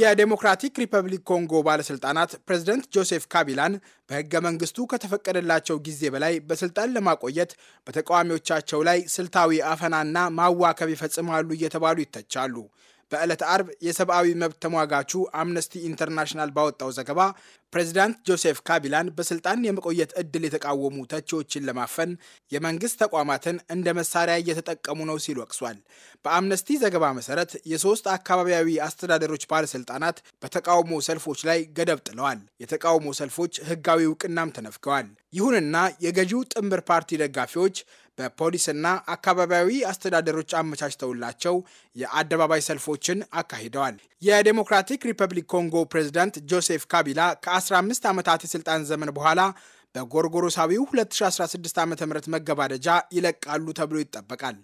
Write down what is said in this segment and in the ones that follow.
የዴሞክራቲክ ሪፐብሊክ ኮንጎ ባለስልጣናት ፕሬዝደንት ጆሴፍ ካቢላን በህገ መንግስቱ ከተፈቀደላቸው ጊዜ በላይ በስልጣን ለማቆየት በተቃዋሚዎቻቸው ላይ ስልታዊ አፈናና ማዋከብ ይፈጽማሉ እየተባሉ ይተቻሉ። በዕለት አርብ የሰብአዊ መብት ተሟጋቹ አምነስቲ ኢንተርናሽናል ባወጣው ዘገባ ፕሬዚዳንት ጆሴፍ ካቢላን በስልጣን የመቆየት እድል የተቃወሙ ተቺዎችን ለማፈን የመንግስት ተቋማትን እንደ መሳሪያ እየተጠቀሙ ነው ሲል ወቅሷል። በአምነስቲ ዘገባ መሰረት የሶስት አካባቢያዊ አስተዳደሮች ባለስልጣናት በተቃውሞ ሰልፎች ላይ ገደብ ጥለዋል። የተቃውሞ ሰልፎች ህጋዊ እውቅናም ተነፍገዋል። ይሁንና የገዢው ጥምር ፓርቲ ደጋፊዎች በፖሊስና አካባቢያዊ አስተዳደሮች አመቻችተውላቸው የአደባባይ ሰልፎችን አካሂደዋል። የዴሞክራቲክ ሪፐብሊክ ኮንጎ ፕሬዚዳንት ጆሴፍ ካቢላ ከ 15 ዓመታት የሥልጣን ዘመን በኋላ በጎርጎሮሳዊው 2016 ዓ ም መገባደጃ ይለቃሉ ተብሎ ይጠበቃል።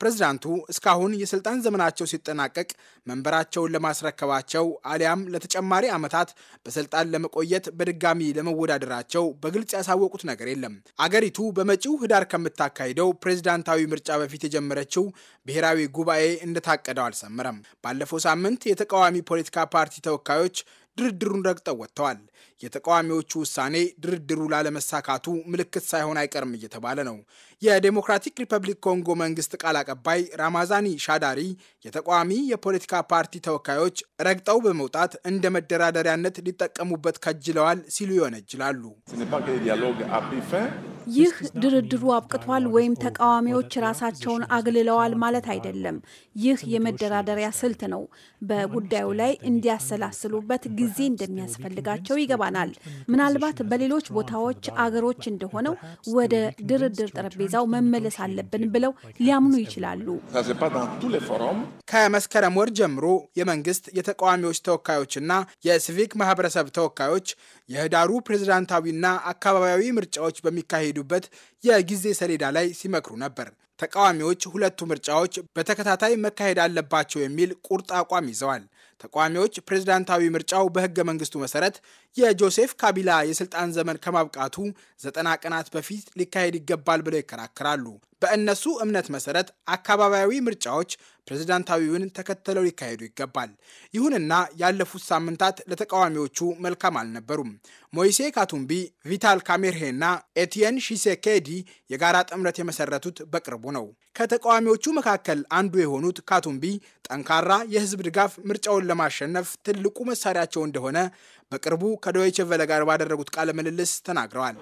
ፕሬዚዳንቱ እስካሁን የሥልጣን ዘመናቸው ሲጠናቀቅ መንበራቸውን ለማስረከባቸው አሊያም ለተጨማሪ ዓመታት በሥልጣን ለመቆየት በድጋሚ ለመወዳደራቸው በግልጽ ያሳወቁት ነገር የለም። አገሪቱ በመጪው ህዳር ከምታካሂደው ፕሬዚዳንታዊ ምርጫ በፊት የጀመረችው ብሔራዊ ጉባኤ እንደታቀደው አልሰመረም። ባለፈው ሳምንት የተቃዋሚ ፖለቲካ ፓርቲ ተወካዮች ድርድሩን ረግጠው ወጥተዋል። የተቃዋሚዎቹ ውሳኔ ድርድሩ ላለመሳካቱ ምልክት ሳይሆን አይቀርም እየተባለ ነው። የዴሞክራቲክ ሪፐብሊክ ኮንጎ መንግስት ቃል አቀባይ ራማዛኒ ሻዳሪ የተቃዋሚ የፖለቲካ ፓርቲ ተወካዮች ረግጠው በመውጣት እንደ መደራደሪያነት ሊጠቀሙበት ከጅለዋል ሲሉ ይወነጅላሉ። ይህ ድርድሩ አብቅቷል ወይም ተቃዋሚዎች ራሳቸውን አግልለዋል ማለት አይደለም። ይህ የመደራደሪያ ስልት ነው። በጉዳዩ ላይ እንዲያሰላስሉበት ጊዜ እንደሚያስፈልጋቸው ይገባናል። ምናልባት በሌሎች ቦታዎች አገሮች እንደሆነው ወደ ድርድር ጠረጴዛው መመለስ አለብን ብለው ሊያምኑ ይችላሉ። ከመስከረም ወር ጀምሮ የመንግስት የተቃዋሚዎች ተወካዮችና የሲቪክ ማህበረሰብ ተወካዮች የህዳሩ ፕሬዝዳንታዊና አካባቢያዊ ምርጫዎች በሚካሄዱ በሚሄዱበት የጊዜ ሰሌዳ ላይ ሲመክሩ ነበር። ተቃዋሚዎች ሁለቱ ምርጫዎች በተከታታይ መካሄድ አለባቸው የሚል ቁርጥ አቋም ይዘዋል። ተቃዋሚዎች ፕሬዝዳንታዊ ምርጫው በህገ መንግስቱ መሰረት የጆሴፍ ካቢላ የስልጣን ዘመን ከማብቃቱ ዘጠና ቀናት በፊት ሊካሄድ ይገባል ብለው ይከራከራሉ። በእነሱ እምነት መሰረት አካባቢያዊ ምርጫዎች ፕሬዝዳንታዊውን ተከተለው ሊካሄዱ ይገባል። ይሁንና ያለፉት ሳምንታት ለተቃዋሚዎቹ መልካም አልነበሩም። ሞይሴ ካቱምቢ፣ ቪታል ካሜርሄና ኤቲየን ሺሴኬዲ የጋራ ጥምረት የመሰረቱት በቅርቡ ነው። ከተቃዋሚዎቹ መካከል አንዱ የሆኑት ካቱምቢ ጠንካራ የህዝብ ድጋፍ ምርጫውን ለማሸነፍ ትልቁ መሳሪያቸው እንደሆነ በቅርቡ ከዶይቼ ቬለ ጋር ባደረጉት ቃለ ምልልስ ተናግረዋል።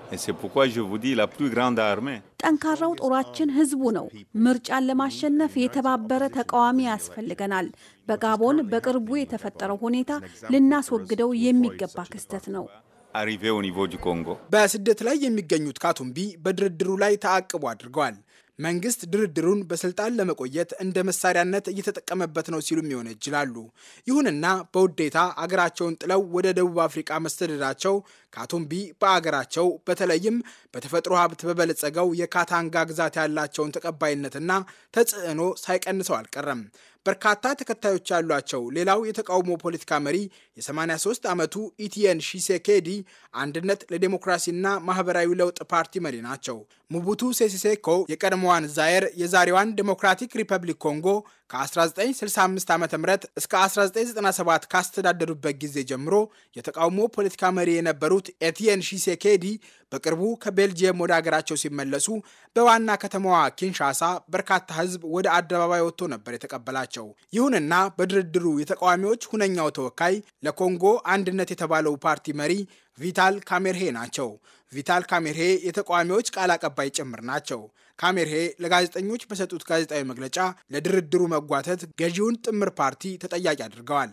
ጠንካራው ጦራችን ህዝቡ ነው። ምርጫን ለማሸነፍ የተባበረ ተቃዋሚ ያስፈልገናል። በጋቦን በቅርቡ የተፈጠረው ሁኔታ ልናስወግደው የሚገባ ክስተት ነው። አሪቬ ኒቮ ኮንጎ በስደት ላይ የሚገኙት ካቱምቢ በድርድሩ ላይ ተአቅቦ አድርገዋል። መንግስት ድርድሩን በስልጣን ለመቆየት እንደ መሳሪያነት እየተጠቀመበት ነው ሲሉም ይወነጅላሉ። ይሁንና በውዴታ አገራቸውን ጥለው ወደ ደቡብ አፍሪቃ መሰደዳቸው ካቱምቢ በአገራቸው በተለይም በተፈጥሮ ሀብት በበለጸገው የካታንጋ ግዛት ያላቸውን ተቀባይነትና ተጽዕኖ ሳይቀንሰው አልቀረም። በርካታ ተከታዮች ያሏቸው ሌላው የተቃውሞ ፖለቲካ መሪ የ83 ዓመቱ ኢቲየን ሺሴኬዲ አንድነት ለዴሞክራሲና ማህበራዊ ለውጥ ፓርቲ መሪ ናቸው። ሙቡቱ ሴሲሴኮ የቀድሞ የቀድሞዋን ዛየር የዛሬዋን ዴሞክራቲክ ሪፐብሊክ ኮንጎ ከ1965 ዓ ም እስከ 1997 ካስተዳደሩበት ጊዜ ጀምሮ የተቃውሞ ፖለቲካ መሪ የነበሩት ኤትየን ሺሴኬዲ በቅርቡ ከቤልጅየም ወደ አገራቸው ሲመለሱ በዋና ከተማዋ ኪንሻሳ በርካታ ሕዝብ ወደ አደባባይ ወጥቶ ነበር የተቀበላቸው። ይሁንና በድርድሩ የተቃዋሚዎች ሁነኛው ተወካይ ለኮንጎ አንድነት የተባለው ፓርቲ መሪ ቪታል ካሜርሄ ናቸው። ቪታል ካሜርሄ የተቃዋሚዎች ቃል አቀባይ ጭምር ናቸው። ካሜርሄ ለጋዜጠኞች በሰጡት ጋዜጣዊ መግለጫ ለድርድሩ መጓተት ገዢውን ጥምር ፓርቲ ተጠያቂ አድርገዋል።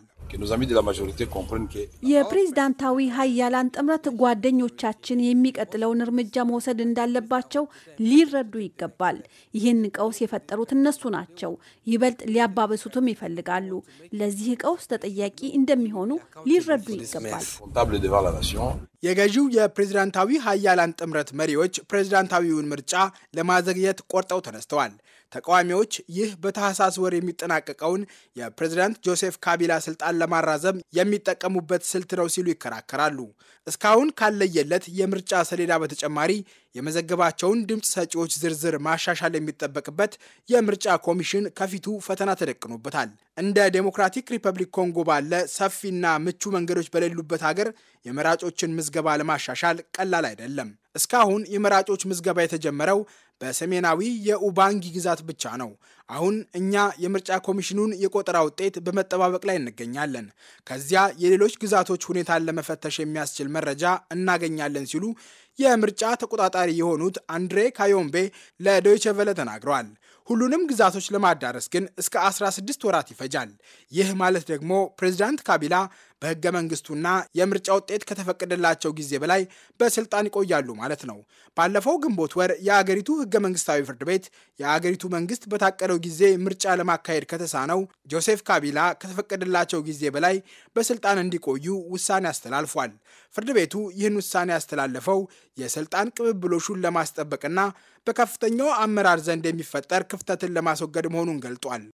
የፕሬዝዳንታዊ ሀያላን ጥምረት ጓደኞቻችን የሚቀጥለውን እርምጃ መውሰድ እንዳለባቸው ሊረዱ ይገባል። ይህን ቀውስ የፈጠሩት እነሱ ናቸው። ይበልጥ ሊያባብሱትም ይፈልጋሉ። ለዚህ ቀውስ ተጠያቂ እንደሚሆኑ ሊረዱ ይገባል። የገዢው የፕሬዝዳንታዊ ሀያላን ጥምረት መሪዎች ፕሬዝዳንታዊውን ምርጫ ለማዘግየት ቆርጠው ተነስተዋል። ተቃዋሚዎች ይህ በታህሳስ ወር የሚጠናቀቀውን የፕሬዝዳንት ጆሴፍ ካቢላ ስልጣን ለማራዘም የሚጠቀሙበት ስልት ነው ሲሉ ይከራከራሉ። እስካሁን ካለየለት የምርጫ ሰሌዳ በተጨማሪ የመዘገባቸውን ድምፅ ሰጪዎች ዝርዝር ማሻሻል የሚጠበቅበት የምርጫ ኮሚሽን ከፊቱ ፈተና ተደቅኖበታል። እንደ ዴሞክራቲክ ሪፐብሊክ ኮንጎ ባለ ሰፊና ምቹ መንገዶች በሌሉበት ሀገር የመራጮችን ምዝ ምዝገባ ለማሻሻል ቀላል አይደለም። እስካሁን የመራጮች ምዝገባ የተጀመረው በሰሜናዊ የኡባንጊ ግዛት ብቻ ነው። አሁን እኛ የምርጫ ኮሚሽኑን የቆጠራ ውጤት በመጠባበቅ ላይ እንገኛለን። ከዚያ የሌሎች ግዛቶች ሁኔታን ለመፈተሽ የሚያስችል መረጃ እናገኛለን ሲሉ የምርጫ ተቆጣጣሪ የሆኑት አንድሬ ካዮምቤ ለዶይቸ ቨለ ተናግረዋል። ሁሉንም ግዛቶች ለማዳረስ ግን እስከ 16 ወራት ይፈጃል። ይህ ማለት ደግሞ ፕሬዚዳንት ካቢላ በህገ መንግስቱና የምርጫ ውጤት ከተፈቀደላቸው ጊዜ በላይ በስልጣን ይቆያሉ ማለት ነው። ባለፈው ግንቦት ወር የአገሪቱ ህገ መንግስታዊ ፍርድ ቤት የአገሪቱ መንግስት በታቀደው ጊዜ ምርጫ ለማካሄድ ከተሳነው ጆሴፍ ካቢላ ከተፈቀደላቸው ጊዜ በላይ በስልጣን እንዲቆዩ ውሳኔ አስተላልፏል። ፍርድ ቤቱ ይህን ውሳኔ ያስተላለፈው የስልጣን ቅብብሎሹን ለማስጠበቅና በከፍተኛው አመራር ዘንድ የሚፈጠር ክፍተትን ለማስወገድ መሆኑን ገልጧል።